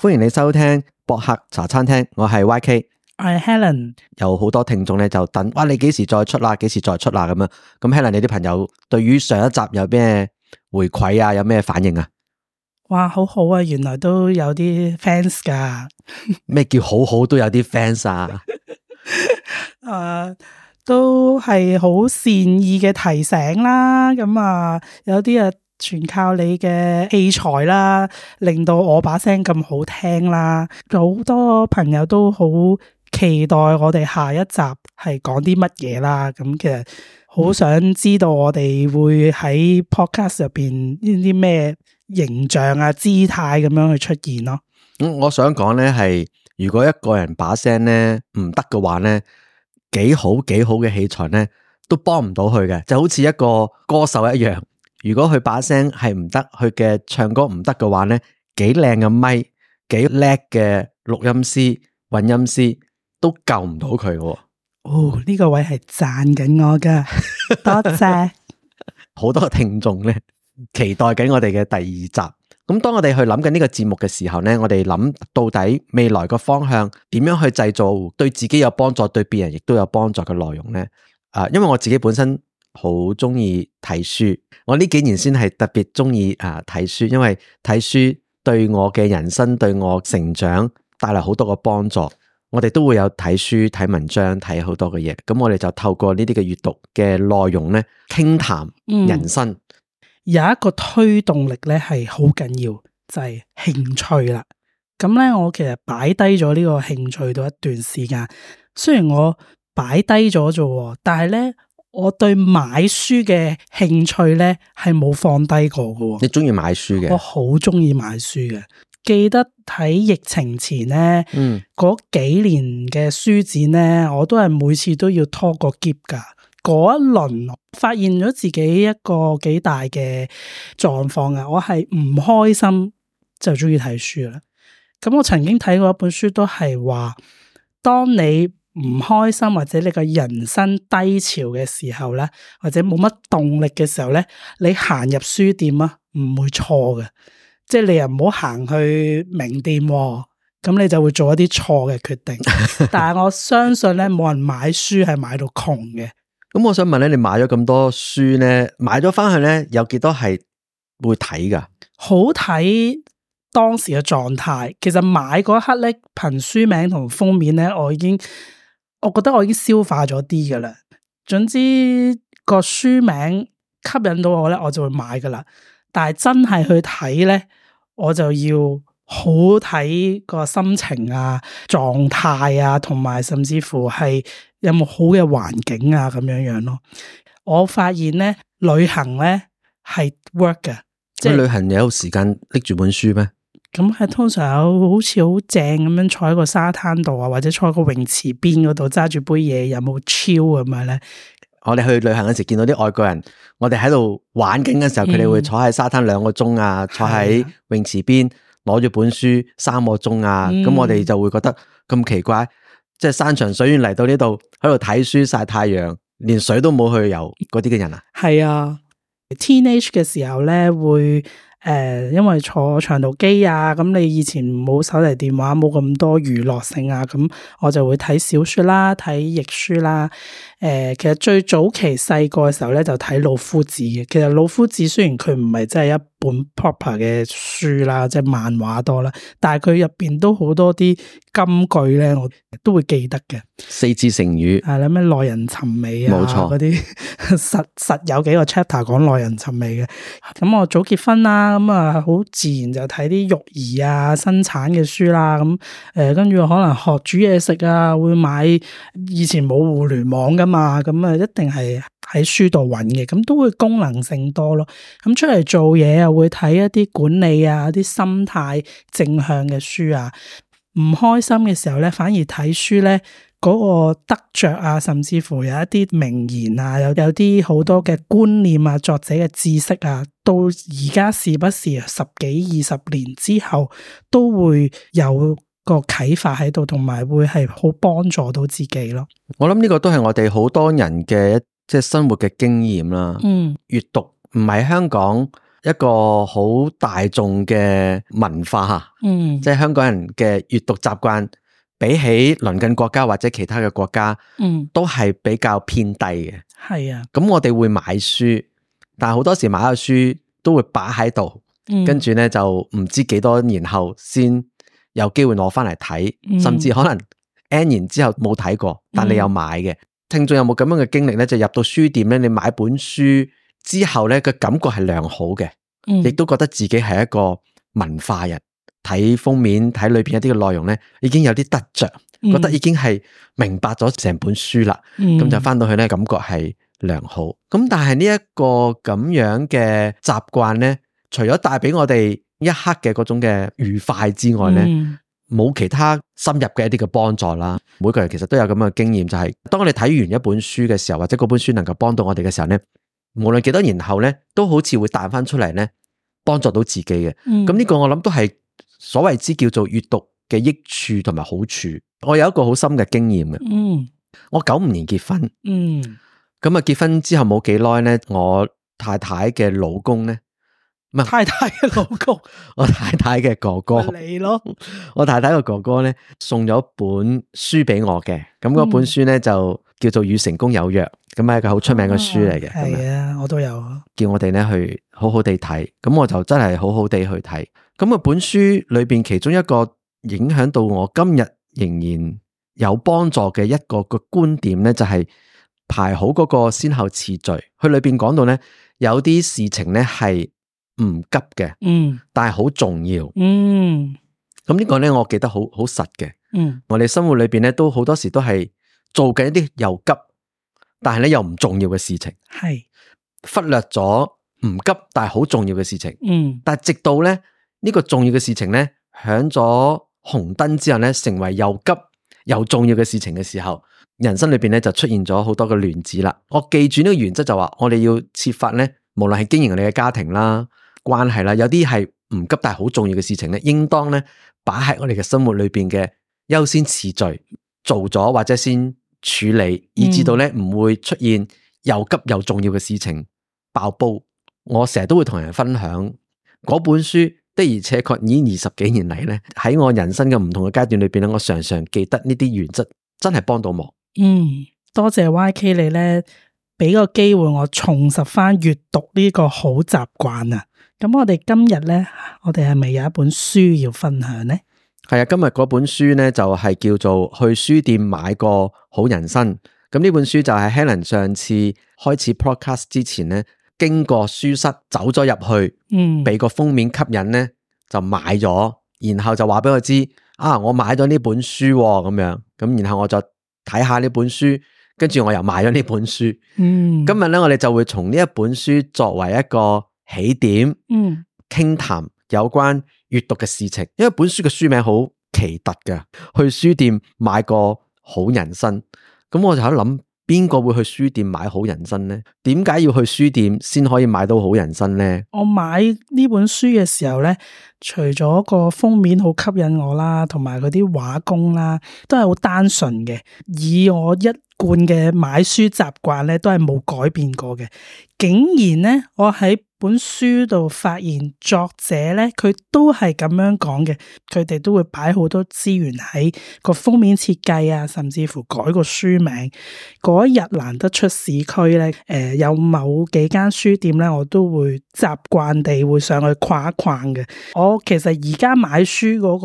歡迎你收聽播客茶餐廳，我係 YK，我係 'm Helen。有好多聽眾咧就等，哇！你幾時再出啦？幾時再出啦？咁啊，咁 Helen，你啲朋友對於上一集有咩回饋啊？有咩反應啊？哇，好好啊！原來都有啲 fans 噶。咩 叫好好都有啲 fans 啊？誒 呃，都係好善意嘅提醒啦。咁、嗯、啊，有啲啊。全靠你嘅器材啦，令到我把聲咁好聽啦。好多朋友都好期待我哋下一集係講啲乜嘢啦。咁其實好想知道我哋會喺 podcast 入邊呢啲咩形象啊、姿態咁樣去出現咯。咁、嗯、我想講咧，係如果一個人把聲咧唔得嘅話咧，幾好幾好嘅器材咧都幫唔到佢嘅，就好似一個歌手一樣。如果佢把聲係唔得，佢嘅唱歌唔得嘅話咧，幾靚嘅咪幾叻嘅錄音師、混音師都救唔到佢嘅。哦，呢、哦呢個位係贊緊我噶，多謝。好多聽眾咧期待緊我哋嘅第二集。咁當我哋去諗緊呢個節目嘅時候咧，我哋諗到底未來個方向點樣去製造對自己有幫助，對別人亦都有幫助嘅內容咧。啊、呃，因為我自己本身。好中意睇書，我呢幾年先係特別中意啊睇書，因為睇書對我嘅人生、對我成長帶嚟好多嘅幫助。我哋都會有睇書、睇文章、睇好多嘅嘢。咁我哋就透過呢啲嘅閱讀嘅內容咧，傾談，談人生、嗯。有一個推動力咧，係好緊要，就係、是、興趣啦。咁咧，我其實擺低咗呢個興趣到一段時間。雖然我擺低咗咗，但係咧。我對買書嘅興趣咧係冇放低過噶。你中意買書嘅？我好中意買書嘅。記得喺疫情前咧，嗯，嗰幾年嘅書展咧，我都係每次都要拖個喼噶。嗰一輪我發現咗自己一個幾大嘅狀況啊！我係唔開心就中意睇書啦。咁我曾經睇過一本書，都係話當你。唔開心或者你個人生低潮嘅時候咧，或者冇乜動力嘅時候咧，你行入書店啊，唔會錯嘅。即係你又唔好行去名店，咁你就會做一啲錯嘅決定。 但係我相信咧，冇人買書係買到窮嘅。咁 我想問咧，你買咗咁多書咧，買咗返去咧，有幾多係會睇㗎？好睇當時嘅狀態。其實買嗰刻咧，憑書名同封面咧，我已經。我覺得我已經消化咗啲噶啦，總之，個書名吸引到我咧，我就會買噶啦。但係真係去睇咧，我就要好睇個心情啊、狀態啊，同埋甚至乎係有冇好嘅環境啊咁樣樣咯。我發現咧，旅行咧係 work 嘅，即係是旅行有時間拎住本書咩？咁係通常有好似好正咁樣坐喺個沙灘度啊，或者坐喺個泳池邊嗰度揸住杯嘢，有冇 chill 咁樣咧？我哋去旅行嘅時候見到啲外國人，我哋喺度玩緊嘅時候，佢哋會坐喺沙灘兩個鐘啊，坐喺泳池邊攞住本書三個鐘啊，咁我哋就會覺得咁奇怪，即係山長水遠嚟到呢度喺度睇書曬太陽，連水都冇去游嗰啲嘅人啊！係啊，teenage 嘅時候咧會。誒，因為坐長途機啊，咁你以前冇手提電話，冇咁多娛樂性啊，咁我就會睇小說啦，睇譯書啦。誒、呃，其實最早期細個嘅時候咧，就睇老夫子嘅。其實老夫子雖然佢唔係真係一。本 proper 嘅書啦，即係漫畫多啦，但係佢入邊都好多啲金句咧，我都會記得嘅四字成語係啦，咩耐、啊、人尋味啊，冇錯嗰啲實實有幾個 chapter 講耐人尋味嘅。咁、嗯、我早結婚啦，咁啊好自然就睇啲育兒啊、生產嘅書啦。咁誒跟住可能學煮嘢食啊，會買以前冇互聯網㗎嘛，咁、嗯、啊一定係。喺書度揾嘅，咁都會功能性多咯。咁出嚟做嘢啊，會睇一啲管理啊、啲心態正向嘅書啊。唔開心嘅時候咧，反而睇書咧，嗰個得着啊，甚至乎有一啲名言啊，有有啲好多嘅觀念啊，作者嘅知識啊，到而家時不時十幾二十年之後，都會有個啟發喺度，同埋會係好幫助到自己咯。我諗呢個都係我哋好多人嘅。即係生活嘅經驗啦，嗯，閱讀唔係香港一個好大眾嘅文化吓，嗯，即係香港人嘅閱讀習慣比起鄰近國家或者其他嘅國家，嗯，都係比較偏低嘅，係啊。咁我哋會買書，但係好多時買咗書都會擺喺度，嗯、跟住咧就唔知幾多年後先有機會攞翻嚟睇，甚至可能 N 年之後冇睇過，但你有買嘅。嗯嗯聽眾有冇咁樣嘅經歷咧？就入到書店咧，你買本書之後咧，個感覺係良好嘅，亦都、嗯、覺得自己係一個文化人。睇封面、睇裏邊一啲嘅內容咧，已經有啲得着，嗯、覺得已經係明白咗成本書啦。咁、嗯、就返到去咧，感覺係良好。咁但係呢一個咁樣嘅習慣咧，除咗帶俾我哋一刻嘅嗰種嘅愉快之外咧。嗯冇其他深入嘅一啲嘅幫助啦，每個人其實都有咁嘅經驗，就係、是、當你睇完一本書嘅時候，或者嗰本書能夠幫到我哋嘅時候咧，無論幾多年後咧，都好似會彈翻出嚟咧，幫助到自己嘅。咁呢、嗯、個我諗都係所謂之叫做閱讀嘅益處同埋好處。我有一個好深嘅經驗嘅，嗯，我九五年結婚，嗯，咁啊結婚之後冇幾耐咧，我太太嘅老公咧。唔係太太嘅老公， 我太太嘅哥哥嚟咯。 我太太嘅哥哥咧送咗本書俾我嘅，咁嗰、嗯、本書咧就叫做《與成功有約》，咁係一個好出名嘅書嚟嘅。係啊、哦那，我都有。啊，叫我哋咧去好好哋睇，咁我就真係好好哋去睇。咁啊，本書裏邊其中一個影響到我今日仍然有幫助嘅一個、嗰個觀點咧，就係、是、排好嗰個先後次序。佢裏邊講到咧，有啲事情咧係。唔急嘅，嗯，但係好重要，嗯，咁呢個咧，我記得好好實嘅，嗯，我哋生活裏邊咧，都好多時都係做緊一啲又急，但係咧又唔重要嘅事情，係是忽略咗唔急但係好重要嘅事情，嗯，但係直到咧呢個重要嘅事情咧響咗紅燈之後咧，成為又急又重要嘅事情嘅時候，人生裏邊咧就出現咗好多嘅亂子啦。我記住呢個原則就話，我哋要設法咧，無論係經營你嘅家庭啦。關係啦，有啲係唔急但係好重要嘅事情咧，應當咧擺喺我哋嘅生活裏邊嘅優先次序做咗或者先處理，以至到咧唔、嗯、會出現又急又重要嘅事情爆煲。我成日都會同人分享嗰本書，的而且確已經二十幾年嚟咧，喺我人生嘅唔同嘅階段裏邊咧，我常常記得呢啲原則，真係幫到忙。嗯，多謝 YK 你咧。俾個機會我重拾翻閱讀呢個好習慣啊！咁我哋今日咧，我哋係咪有一本書要分享呢？係啊，今日嗰本書咧就係、是、叫做《去書店買個好人生》。咁、嗯、呢本書就係 Helen 上次開始 Podcast 之前咧，經過書室，走咗入去，嗯，俾個封面吸引咧，就買咗，然後就話俾我知啊，我買咗呢本書咁、哦、樣，咁然後我就睇下呢本書。跟住我又買咗呢本書。嗯，今日咧我哋就會從呢一本書作為一個起點，嗯，傾談，談有關閱讀嘅事情。因為本書嘅書名好奇特㗎，去書店買個好人生。咁我就喺度諗，邊個會去書店買好人生呢？點解要去書店先可以買到好人生呢？我買呢本書嘅時候咧，除咗個封面好吸引我啦，同埋佢啲畫工啦，都係好單純嘅，以我一。慣嘅買書習慣咧，都係冇改變過嘅。竟然咧，我喺本書度發現作者咧，佢都係咁樣講嘅。佢哋都會擺好多資源喺個封面設計啊，甚至乎改個書名。嗰日難得出市區咧，誒、呃，有某幾間書店咧，我都會習慣地會上去逛一逛嘅。我其實而家買書嗰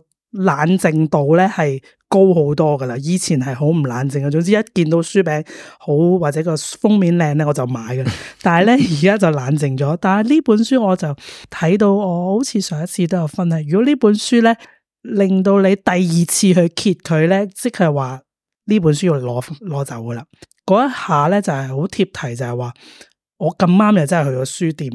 個。冷靜度咧係高好多噶啦，以前係好唔冷靜嘅。總之一見到書名好或者個封面靚咧，我就買噶啦。但係咧，而家就冷靜咗。但係呢本書我就睇到我好似上一次都有分啦。如果呢本書咧令到你第二次去揭佢咧，即係話呢本書要攞攞走噶啦。嗰一下咧就係好貼題，就係話。我咁啱又真係去咗書店，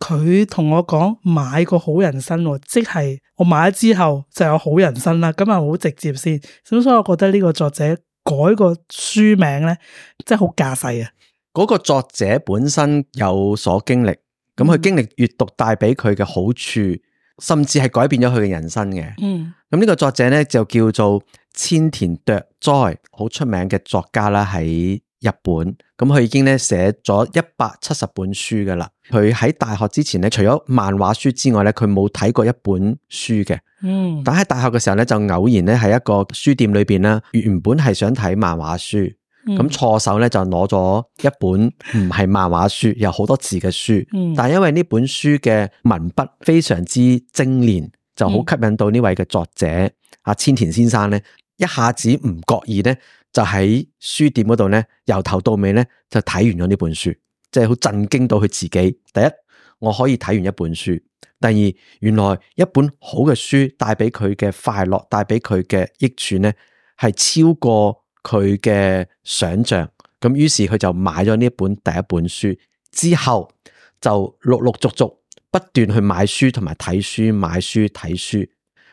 佢同我講買個好人生，即係我買咗之後就有好人生啦。咁啊好直接先，咁所以我覺得呢個作者改個書名咧，真係好架勢啊！嗰個作者本身有所經歷，咁佢經歷閱讀帶俾佢嘅好處，甚至係改變咗佢嘅人生嘅。嗯，咁呢個作者咧就叫做千田琢哉，好出名嘅作家啦，喺。日本。咁佢已經咧寫咗一百七十本書噶啦，佢喺大學之前咧，除咗漫畫書之外咧，佢冇睇過一本書嘅。嗯，但喺大學嘅時候咧，就偶然咧喺一個書店裏邊咧，原本係想睇漫畫書，咁、嗯、錯手咧就攞咗一本唔係漫畫書，有好多字嘅書。嗯、但係因為呢本書嘅文筆非常之精煉，就好吸引到呢位嘅作者阿、嗯啊、千田先生咧，一下子唔覺意咧。就喺書店嗰度咧，由頭到尾咧就睇完咗呢本書，即係好震驚到佢自己。第一，我可以睇完一本書；第二，原來一本好嘅書帶俾佢嘅快樂，帶俾佢嘅益處咧，係超過佢嘅想象。咁於是佢就買咗呢本第一本書之後，就陸陸續續不斷去買書同埋睇書，買書睇書。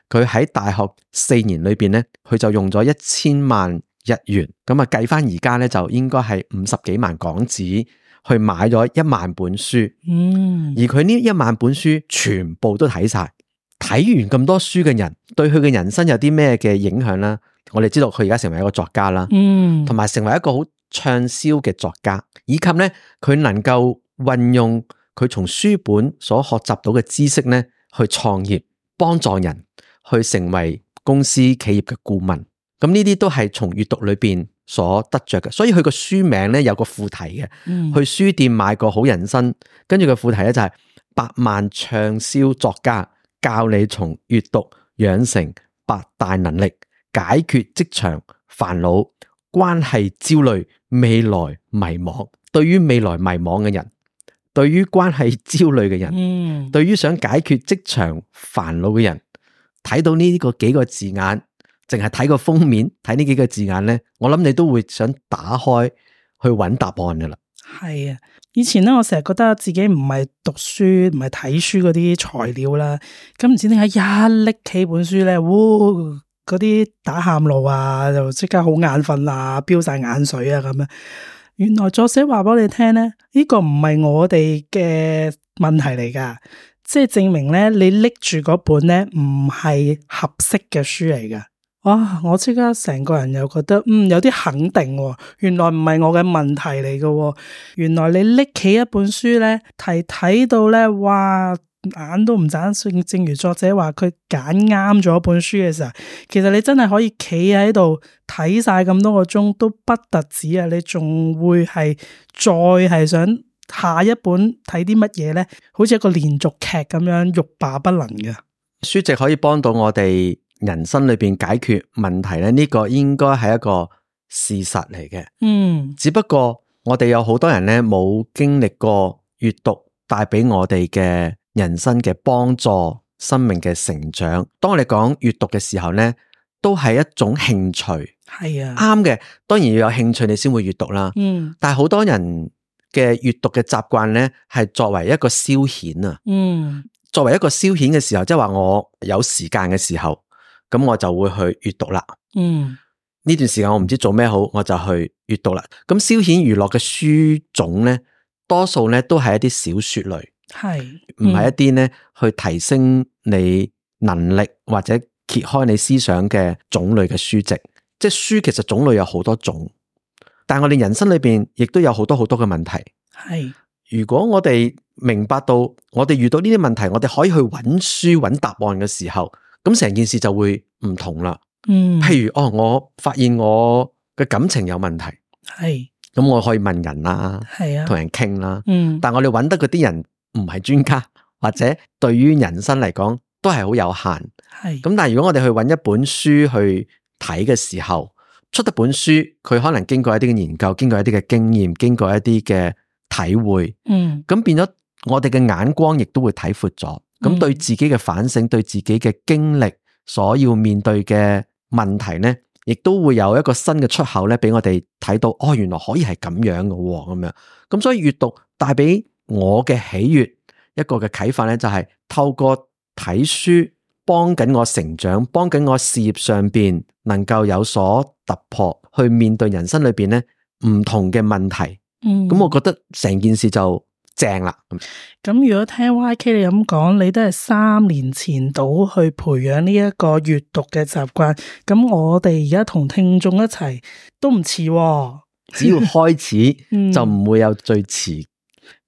佢喺大學四年裏邊咧，佢就用咗一千萬。日元咁啊，計翻而家咧就應該係五十幾萬港紙去買咗一萬本書，嗯，而佢呢一萬本書全部都睇晒。睇完咁多書嘅人，對佢嘅人生有啲咩嘅影響咧？我哋知道佢而家成為一個作家啦，嗯，同埋成為一個好暢銷嘅作家，以及咧佢能夠運用佢從書本所學習到嘅知識咧，去創業，幫助人去成為公司企業嘅顧問。咁呢啲都係從閱讀裏邊所得着嘅，所以佢個書名咧有個副題嘅。嗯、去書店買個好人生，跟住個副題咧就係、是、百萬暢銷作家教你從閱讀養成八大能力，解決職場煩惱、關係焦慮、未來迷茫。對於未來迷茫嘅人，對於關係焦慮嘅人，嗯、對於想解決職場煩惱嘅人，睇到呢個幾個字眼。淨係睇個封面，睇呢幾個字眼咧，我諗你都會想打開去揾答案噶啦。係啊，以前咧，我成日覺得自己唔係讀書唔係睇書嗰啲材料啦，咁唔知點解一拎起本書咧，嗚，嗰啲打喊路啊，就即刻好眼瞓啊，飆晒眼水啊咁樣。原來作者話俾你聽咧，呢個唔係我哋嘅問題嚟噶，即係證明咧，你拎住嗰本咧唔係合適嘅書嚟噶。哇！我即刻成個人又覺得嗯，有啲肯定喎。原來唔係我嘅問題嚟嘅。原來你拎起一本書咧，係睇到咧，哇！眼都唔眨。正如作者話，佢揀啱咗本書嘅時候，其實你真係可以企喺度睇晒咁多個鐘，都不特止啊！你仲會係再係想下一本睇啲乜嘢咧？好似一個連續劇咁樣，欲罷不能嘅。書籍可以幫到我哋。人生裏邊解決問題咧，呢個應該係一個事實嚟嘅。嗯，只不過我哋有好多人咧，冇經歷過閱讀帶俾我哋嘅人生嘅幫助、生命嘅成長。當我哋講閱讀嘅時候咧，都係一種興趣。係啊，啱嘅，當然要有興趣你先會閱讀啦。嗯，但係好多人嘅閱讀嘅習慣咧，係作為一個消遣啊。嗯，作為一個消遣嘅時候，即係話我有時間嘅時候。咁我就會去閱讀啦。嗯，呢段時間我唔知做咩好，我就去閱讀啦。咁消遣娛樂嘅書種咧，多數咧都係一啲小說類，係，唔係一啲咧去提升你能力或者揭開你思想嘅種類嘅書籍。即係書其實種類有好多種，但係我哋人生裏邊亦都有好多好多嘅問題。係是如果我哋明白到我哋遇到呢啲問題，我哋可以去揾書揾答案嘅時候。咁成件事就會唔同啦。嗯，譬如哦，我發現我嘅感情有問題，係咁是我可以問人啦，係啊，同、啊、人傾啦、啊。嗯，但係我哋揾得嗰啲人唔係專家，或者對於人生嚟講都係好有限。係咁是，但係如果我哋去揾一本書去睇嘅時候，出得本書，佢可能經過一啲嘅研究，經過一啲嘅經驗，經過一啲嘅體會。嗯，咁變咗我哋嘅眼光亦都會睇闊咗。咁、嗯、對自己嘅反省，對自己嘅經歷，所要面對嘅問題咧，亦都會有一個新嘅出口咧，俾我哋睇到哦，原來可以係咁樣嘅咁、哦、樣。咁所以閱讀帶俾我嘅喜悅，一個嘅啟發咧，就係、是、透過睇書幫緊我成長，幫緊我事業上邊能夠有所突破，去面對人生裏邊咧唔同嘅問題。咁、嗯、我覺得成件事就。正啦，咁如果聽 YK 你咁講，你都係三年前到去培養呢一個閱讀嘅習慣，咁我哋而家同聽眾一齊都唔遲、啊，只要開始、 嗯、就唔會有最遲。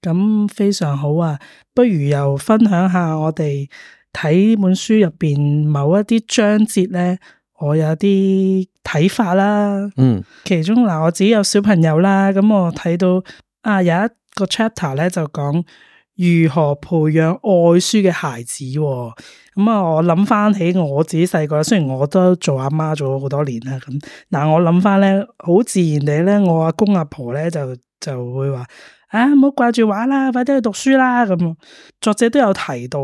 咁非常好啊，不如又分享下我哋睇本書入邊某一啲章節咧，我有啲睇法啦。嗯，其中嗱，我自己有小朋友啦，咁我睇到啊有一。個 chapter 咧就講如何培養愛書嘅孩子。哦、咁、嗯、啊，我諗翻起我自己細個，雖然我都做阿媽做咗好多年啦，咁、嗯、嗱，但我諗翻咧，好自然地咧，我阿公阿婆咧就就會話啊，唔好掛住玩啦，快啲去讀書啦。咁、嗯、作者都有提到，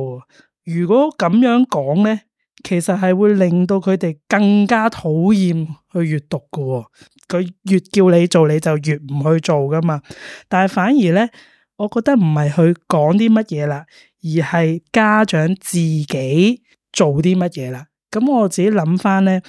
如果咁樣講咧，其實係會令到佢哋更加討厭去閱讀噶。哦。佢越叫你做，你就越唔去做㗎嘛。但係反而咧，我覺得唔係去講啲乜嘢啦，而係家長自己做啲乜嘢啦。咁、嗯、我自己諗翻咧，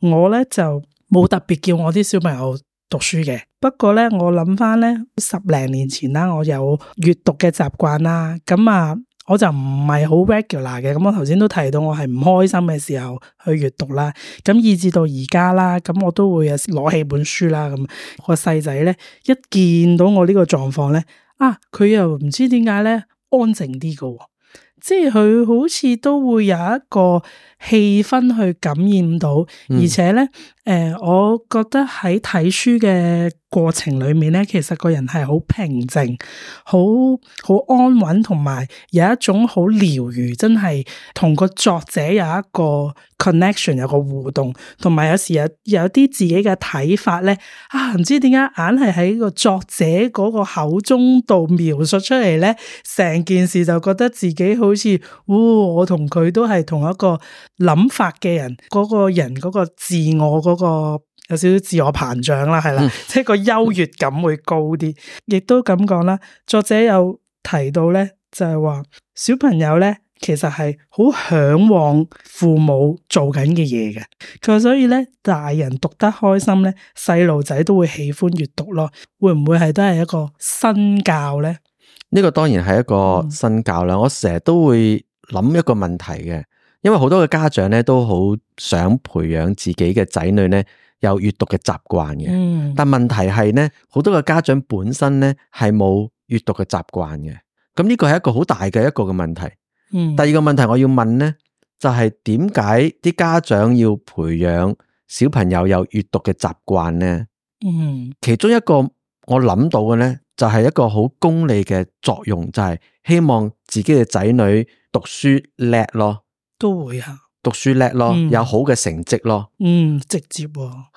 我咧就冇特別叫我啲小朋友讀書嘅。不過咧，我諗翻咧，十零年前啦，我有閱讀嘅習慣啦。咁、嗯、啊。嗯我就唔係好 regular 嘅，咁我頭先都提到我係唔開心嘅時候去閱讀啦，咁以至到而家啦，咁我都會攞起本書啦，咁個細仔咧一見到我個狀況呢個狀況咧，啊，佢又唔知點解咧安靜啲嘅，即係佢好似都會有一個氣氛去感染到，嗯、而且咧，誒、呃，我覺得喺睇書嘅過程裏面咧，其實個人係好平靜，好好安穩，同埋有，有一種好療愈，真係同個作者有一個 connection，有個互動，同埋有，有時有有啲自己嘅睇法咧，啊，唔知點解硬係喺個作者嗰個口中度描述出嚟，咧，成件事就覺得自己好似，嗚、哦，我同佢都係同一個。諗法嘅人，嗰個人，嗰個自我，嗰個有少少自我膨脹啦，係啦， 即係個優越感會高啲。亦都咁講啦，作者有提到咧，就係話小朋友咧，其實係好向往父母做緊嘅嘢嘅。佢所以咧，大人讀得開心咧，細路仔都會喜歡閱讀咯。會唔會係都係一個身教咧？呢個當然係一個身教啦。嗯、我成日都會諗一個問題嘅。因為好多嘅家長咧，都好想培養自己嘅仔女咧有閱讀嘅習慣嘅，嗯、但問題係咧，好多嘅家長本身咧係冇閱讀嘅習慣嘅，咁呢個係一個好大嘅一個嘅問題。嗯、第二個問題我要問咧，就係點解啲家長要培養小朋友有閱讀嘅習慣咧、嗯？嗯，其中一個我諗到嘅咧就係、是、一個好功利嘅作用，就係、是、希望自己嘅仔女讀書叻咯。都會啊，讀書叻咯，有好嘅成績咯，嗯，直接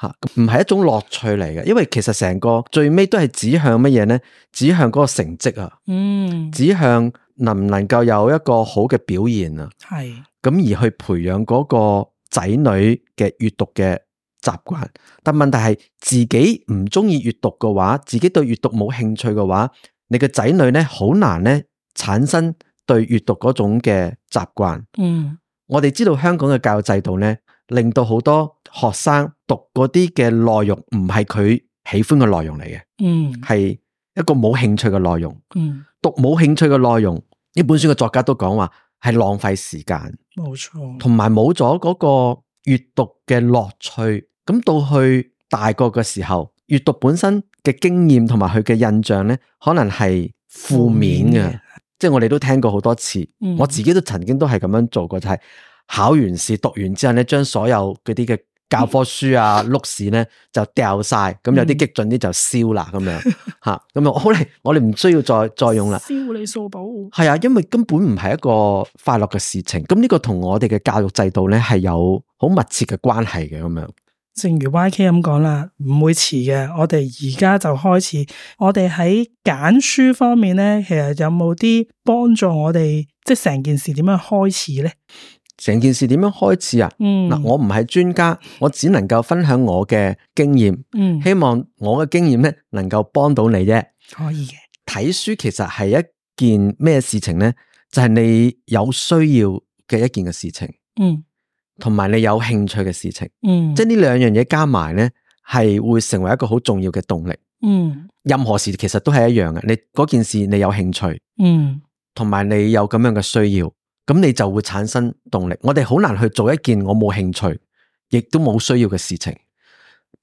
吓，啊，唔係一種樂趣嚟嘅，因為其實成個最尾都係指向乜嘢咧？指向嗰個成績啊，嗯，指向能唔能夠有一個好嘅表現啊，係，咁而去培養嗰個仔女嘅閱讀嘅習慣，但問題係自己唔中意閱讀嘅話，自己對閱讀冇興趣嘅話，你嘅仔女咧好難咧產生對閱讀嗰種嘅習慣，嗯。我哋知道香港嘅教育制度咧，令到好多學生讀嗰啲嘅內容唔係佢喜歡嘅內容嚟嘅，嗯，係一個冇興趣嘅內容，嗯，讀冇興趣嘅內容，呢本書嘅作家都講話係浪費時間，冇錯，同埋冇咗嗰個閱讀嘅樂趣，咁到去大個嘅時候，閱讀本身嘅經驗同埋佢嘅印象咧，可能係負面嘅。即係我哋都聽過好多次，嗯、我自己都曾經都係咁樣做過，就係、是、考完試、讀完之後咧，將所有嗰啲嘅教科書啊、錄事咧就掉晒，咁、嗯、有啲激進啲就燒啦，咁 樣吓，咁我我哋唔需要再再用啦。燒你數寶係啊，因為根本唔係一個快樂嘅事情。咁呢個同我哋嘅教育制度咧係有好密切嘅關係嘅，咁樣。正如 YK 咁講啦，唔會遲嘅。我哋而家就開始，我哋喺揀書方面咧，其實有冇啲幫助我哋？即係成件事點樣開始咧？成件事點樣開始啊？嗯，嗱，我唔係專家，我只能夠分享我嘅經驗。嗯，希望我嘅經驗咧，能夠幫到你啫。可以嘅，睇書其實係一件咩事情咧？就係你有需要嘅一件嘅事情。嗯。同埋你有興趣嘅事情，嗯，即係呢兩樣嘢加埋咧，係會成為一個好重要嘅動力，嗯。任何事其實都係一樣嘅，你嗰件事你有興趣，嗯，同埋你有咁樣嘅需要，咁你就會產生動力。我哋好難去做一件我冇興趣，亦都冇需要嘅事情，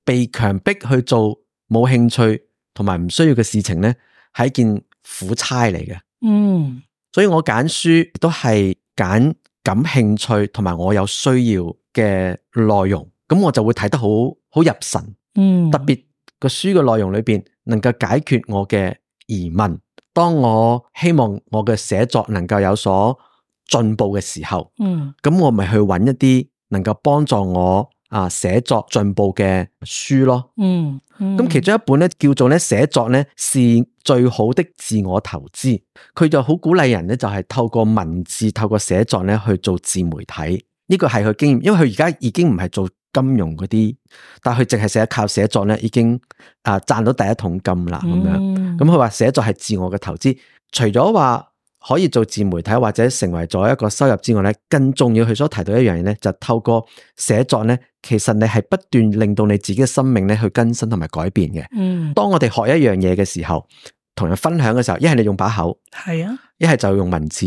被強迫去做冇興趣同埋唔需要嘅事情咧，係一件苦差嚟嘅，嗯。所以我揀書都係揀。感興趣同埋我有需要嘅內容，咁我就會睇得好好入神。嗯，特別，特別個書嘅內容裏邊能夠解決我嘅疑問。當我希望我嘅寫作能夠有所進步嘅時候，嗯，咁我咪去揾一啲能夠幫助我。啊，寫作進步嘅書咯，嗯，咁、嗯、其中一本咧叫做咧寫作咧，是最好的自我投資。佢就好鼓勵人咧，就係、是、透過文字，透過寫作咧去做自媒體。呢個係佢經驗，因為佢而家已經唔係做金融嗰啲，但係佢淨係寫靠寫作咧，已經啊賺到第一桶金啦。咁樣，咁佢話寫作係自我嘅投資，除咗話。可以做自媒體或者成為咗一個收入之外咧，更重要佢所提到一樣嘢咧，就透過寫作咧，其實你係不斷令到你自己嘅生命咧去更新同埋改變嘅。嗯，當我哋學一樣嘢嘅時候，同人分享嘅時候，一係你用把口，係啊，一係就用文字。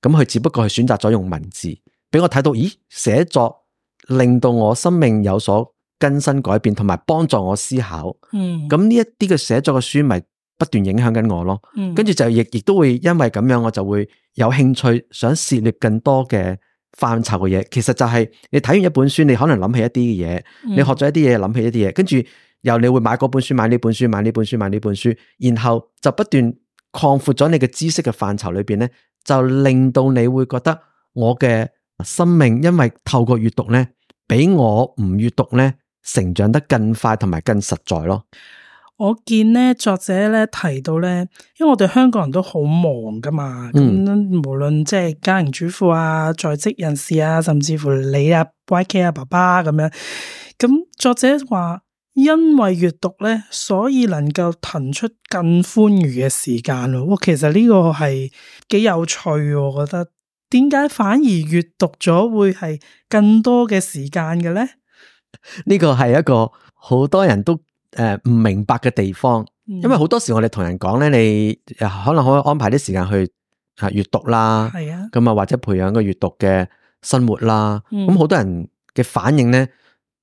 咁佢只不過係選擇咗用文字，俾我睇到，咦，寫作令到我生命有所更新改變，同埋幫助我思考。嗯，咁呢一啲嘅寫作嘅書咪、就是。不斷影響緊我咯，跟住就亦亦都會因為咁樣，我就會有興趣想涉獵更多嘅範疇嘅嘢。其實就係你睇完一本書，你可能諗起一啲嘅嘢，你學咗一啲嘢，諗起一啲嘢，跟住又你會買嗰本書，買呢本書，買呢本書，買呢本書，然後就不斷擴闊咗你嘅知識嘅範疇裏邊咧，就令到你會覺得我嘅生命因為透過閱讀咧，比我唔閱讀咧成長得更快同埋更實在咯。我見咧作者咧提到咧，因為我哋香港人都好忙噶嘛，咁、嗯、無論即係家庭主婦啊、在職人士啊，甚至乎你啊、YK 啊、爸爸咁、啊、樣，咁作者話因為閱讀咧，所以能夠騰出更寬裕嘅時間咯。哇其實呢個係幾有趣，我覺得點解反而閱讀咗會係更多嘅時間嘅咧？呢個係一個好多人都。誒，唔、呃、明白嘅地方，因為好多時我哋同人講咧，你可能可以安排啲時間去啊閱讀啦，係啊，咁啊或者培養一個閱讀嘅生活啦。咁好、嗯、多人嘅反應咧，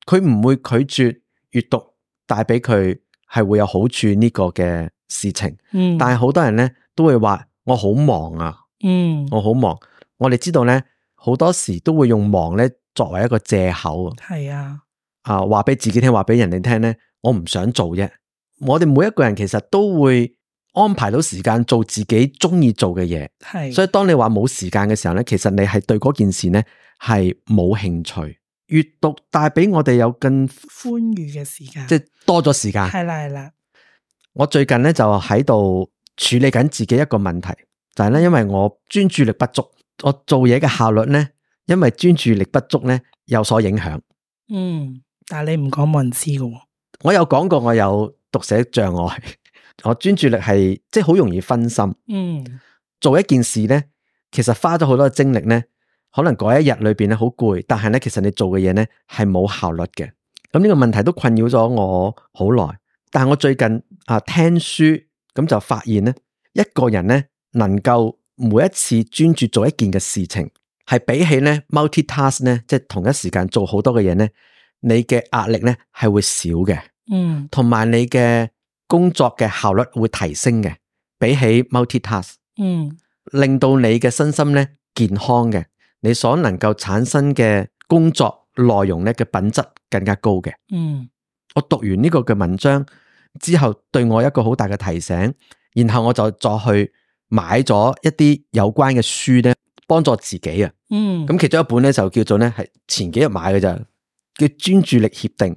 佢唔會拒絕閱讀帶俾佢係會有好處呢個嘅事情。嗯，但係好多人咧都會話我好忙啊，嗯，我好忙。我哋知道咧，好多時都會用忙咧作為一個借口。係啊，啊、呃，話俾自己聽話俾人哋聽咧。我唔想做啫。我哋每一個人其實都會安排到時間做自己中意做嘅嘢。係，所以當你話冇時間嘅時候咧，其實你係對嗰件事咧係冇興趣。閱讀帶俾我哋有更寬裕嘅時間，即係多咗時間。係啦，係啦。我最近咧就喺度處理緊自己一個問題，就係咧因為我專注力不足，我做嘢嘅效率咧因為專注力不足咧有所影響。嗯，但係你唔講冇人知嘅。我有講過，我有讀寫障礙， 我專注力係即係好容易分心。嗯，做一件事咧，其實花咗好多精力咧，可能嗰一日裏邊咧好攰，但係咧其實你做嘅嘢咧係冇效率嘅。咁呢個問題都困擾咗我好耐，但係我最近啊聽書咁、嗯、就發現咧，一個人咧能夠每一次專注做一件嘅事情，係比起咧 multi task 咧，即係同一時間做好多嘅嘢咧。你嘅壓力咧係會少嘅，嗯，同埋你嘅工作嘅效率會提升嘅，比起 multitask，嗯，令到你嘅身心咧健康嘅，你所能夠產生嘅工作內容咧嘅品質更加高嘅，嗯，我讀完呢個嘅文章之後，對我一個好大嘅提醒，然後我就再去買咗一啲有關嘅書咧，幫助自己啊，嗯，咁其中一本咧就叫做咧係前幾日買嘅咋。叫專注力協定，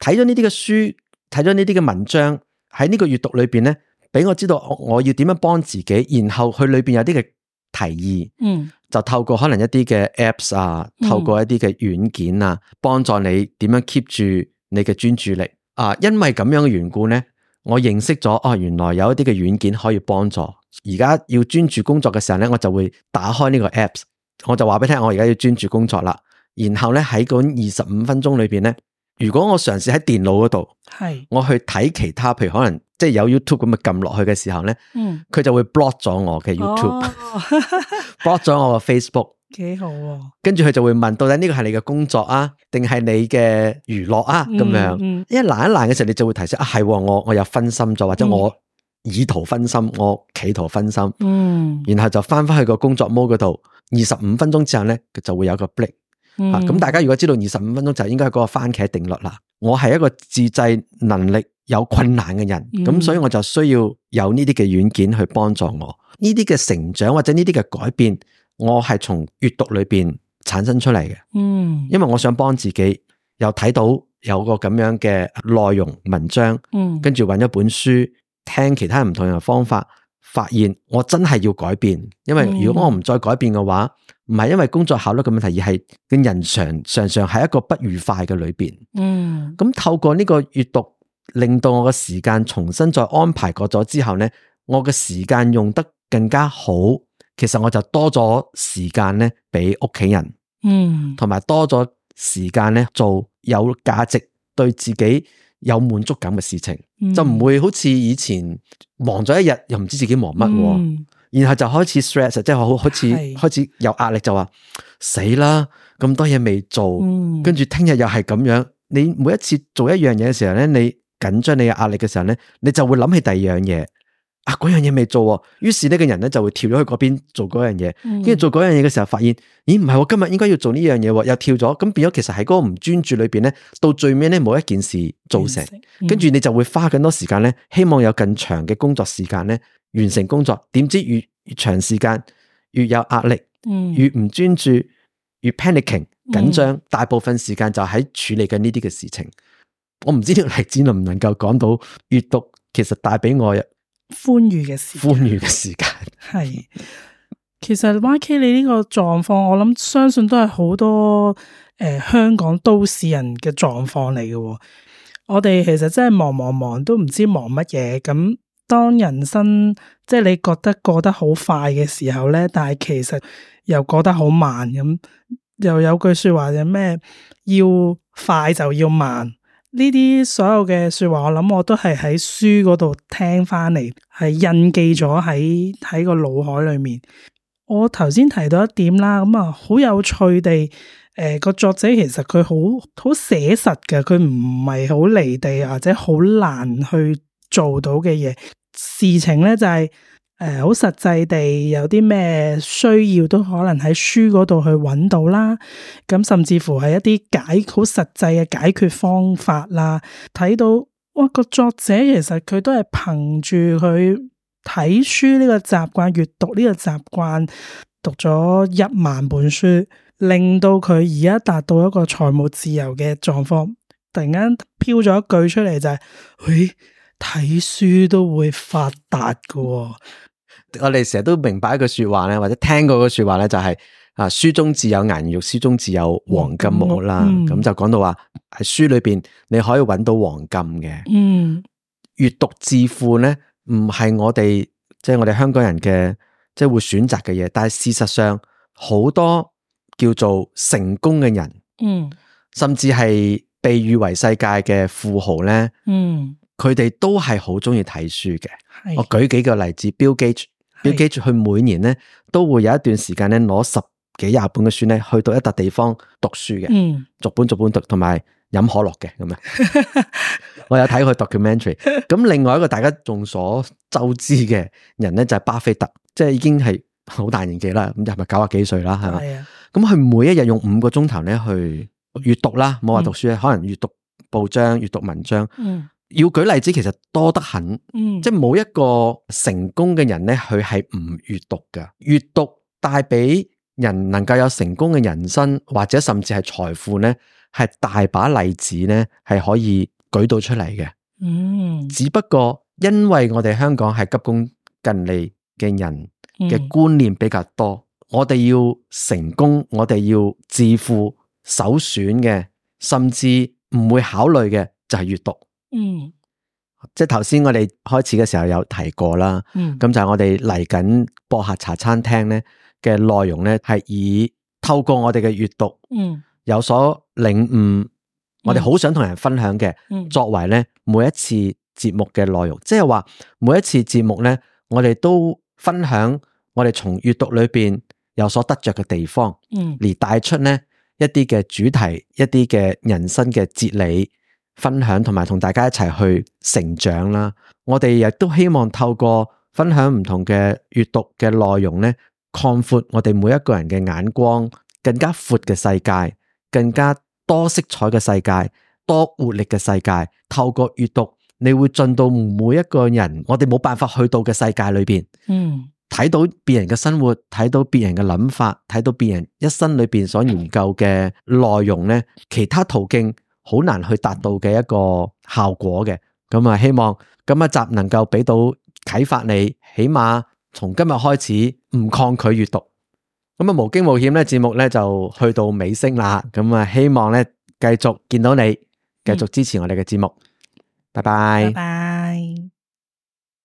睇咗呢啲嘅書，睇咗呢啲嘅文章，喺呢個閱讀裏邊咧，俾我知道我要點樣幫自己，然後佢裏邊有啲嘅提議，嗯，就透過可能一啲嘅 apps 啊，透過一啲嘅軟件啊，嗯，幫助你點樣 keep 住你嘅專注力啊，因為咁樣嘅緣故咧，我認識咗哦，原來有一啲嘅軟件可以幫助，而家要專注工作嘅時候咧，我就會打開呢個 apps，我就話俾你聽，我而家要專注工作啦。然後咧喺嗰二十五分鐘裏邊咧，如果我嘗試喺電腦嗰度，係是我去睇其他，譬如可能即係有 YouTube 咁咪撳落去嘅時候咧，嗯，佢就會 block 咗我嘅 YouTube，block、哦、 咗我嘅 Facebook，幾好喎、啊。跟住佢就會問到底呢個係你嘅工作啊，定係你嘅娛樂啊咁、嗯嗯、樣？因為懶一難一難嘅時候，你就會提示啊，係我我有分心咗，或者我意圖分心，我企圖分心，嗯，然後就翻翻去個工作 mode 嗰度，二十五分鐘之後咧，佢就會有一個 break。吓，咁、嗯、大家如果知道二十五分鐘就應該係嗰個番茄定律啦。我係一個自制能力有困難嘅人，咁、嗯、所以我就需要有呢啲嘅軟件去幫助我。呢啲嘅成長或者呢啲嘅改變，我係從閱讀裏邊產生出嚟嘅。嗯，因為我想幫自己，又睇到有個咁樣嘅內容文章，嗯，跟住揾一本書，聽其他唔同嘅方法。發現我真係要改變，因為如果我唔再改變嘅話，唔係、嗯、因為工作效率嘅問題，而係嘅人常常常係一個不愉快嘅裏邊。嗯，咁透過呢個閱讀，令到我嘅時間重新再安排過咗之後咧，我嘅時間用得更加好。其實我就多咗時間咧，俾屋企人，嗯，同埋多咗時間咧，做有價值對自己。有滿足感嘅事情，嗯、就唔會好似以前忙咗一日又唔知自己忙乜，嗯、然後就開始 stress，、嗯、即係好似是開始有壓力就話死啦，咁多嘢未做，跟住聽日又係咁樣。你每一次做一樣嘢嘅時候咧，你緊張、你有壓力嘅時候咧，你就會諗起第二樣嘢。啊！嗰樣嘢未做，於是呢個人呢就會跳咗去嗰邊做嗰樣嘢，跟住、嗯、做嗰樣嘢嘅時候，發現咦唔係我今日應該要做呢樣嘢，又跳咗，咁變咗其實喺嗰個唔專注裏邊咧，到最尾咧冇一件事做成，跟住、嗯、你就會花咁多時間咧，希望有更長嘅工作時間咧完成工作，點知越越長時間越有壓力，越唔專注越 panicking 緊張，嗯嗯、大部分時間就喺處理緊呢啲嘅事情。我唔知呢個例子能唔能夠講到閱讀其實帶俾我。寬裕嘅時，寬裕嘅時間係， 其實 YK 你呢個狀況，我諗相信都係好多誒、呃、香港都市人嘅狀況嚟嘅、哦。我哋其實真係忙忙忙，都唔知忙乜嘢。咁當人生即係、就是、你覺得過得好快嘅時候咧，但係其實又過得好慢。咁又有句說話就係咩？要快就要慢。呢啲所有嘅說話，我諗我都係喺書嗰度聽翻嚟，係印記咗喺喺個腦海裏面。我頭先提到一點啦，咁啊好有趣地，誒、呃、個作者其實佢好好寫實嘅，佢唔係好離地或者好難去做到嘅嘢事情咧、就是，就係。誒，好、呃、實際地有啲咩需要都可能喺書嗰度去揾到啦，咁甚至乎係一啲解好實際嘅解決方法啦。睇到哇，個作者其實佢都係憑住佢睇書呢個習慣，閱讀呢個習慣，讀咗一萬本書，令到佢而家達到一個財務自由嘅狀況。突然間飄咗一句出嚟就係、是，誒。睇書都會發達噶、哦， 我哋成日都明白一句說話咧，或者聽過個說話咧，就係、是、啊，書中自有顏玉，書中自有黃金屋啦。咁、嗯嗯、就講到話，係書裏邊你可以搵到黃金嘅。嗯，閱讀致富咧，唔係我哋即係我哋香港人嘅，即、就、係、是、會選擇嘅嘢。但係事實上，好多叫做成功嘅人嗯嗯，嗯，甚至係被譽為世界嘅富豪咧，嗯。佢哋都係好中意睇書嘅。是的 我舉幾個例子，Bill Gates，Bill Gates 佢每年咧都會有一段時間咧攞十幾廿本嘅書咧去到一笪地方讀書嘅，嗯、逐本逐本讀，同埋飲可樂嘅咁樣。 我有睇佢 documentary。咁 另外一個大家眾所周知嘅人咧就係、是、巴菲特，即係已經係好大年紀啦，咁係咪九啊幾歲啦？係嘛？咁佢是的、嗯、每一日用五個鐘頭咧去閱讀啦，冇話讀書，可能閱讀報章、閱讀文章。嗯要舉例子，其實多得很，嗯、即係冇一個成功嘅人咧，佢係唔閱讀㗎。閱讀帶俾人能夠有成功嘅人生，或者甚至係財富咧，係大把例子咧，係可以舉到出嚟嘅。嗯，只不過因為我哋香港係急功近利嘅人嘅觀念比較多，嗯、我哋要成功，我哋要致富，首選嘅，甚至唔會考慮嘅就係、是、閱讀。嗯，即係頭先我哋開始嘅時候有提過啦，咁、嗯、就係我哋嚟緊播客茶餐廳咧嘅內容咧，係以透過我哋嘅閱讀，嗯，有所領悟，我哋好想同人分享嘅，嗯嗯、作為咧每一次節目嘅內容，即係話每一次節目咧，我哋都分享我哋從閱讀裏邊有所得着嘅地方，嗯，而帶出咧一啲嘅主題，嗯嗯、一啲嘅人生嘅哲理。分享同埋同大家一齊去成長啦，我哋亦都希望透過分享唔同嘅閱讀嘅內容咧，擴闊我哋每一個人嘅眼光，更加闊嘅世界，更加多色彩嘅世界，多活力嘅世界。透過閱讀，你會進到每一個人我哋冇辦法去到嘅世界裏邊，嗯，睇到別人嘅生活，睇到別人嘅諗法，睇到別人一生裏邊所研究嘅內容咧，其他途徑。好難去達到嘅一個效果嘅，咁啊希望今一集能夠俾到啟發你，起碼從今日開始唔抗拒閱讀。咁啊無驚無險咧，節目咧就去到尾聲啦。咁啊希望咧繼續見到你，繼續支持我哋嘅節目。嗯、拜拜。拜拜。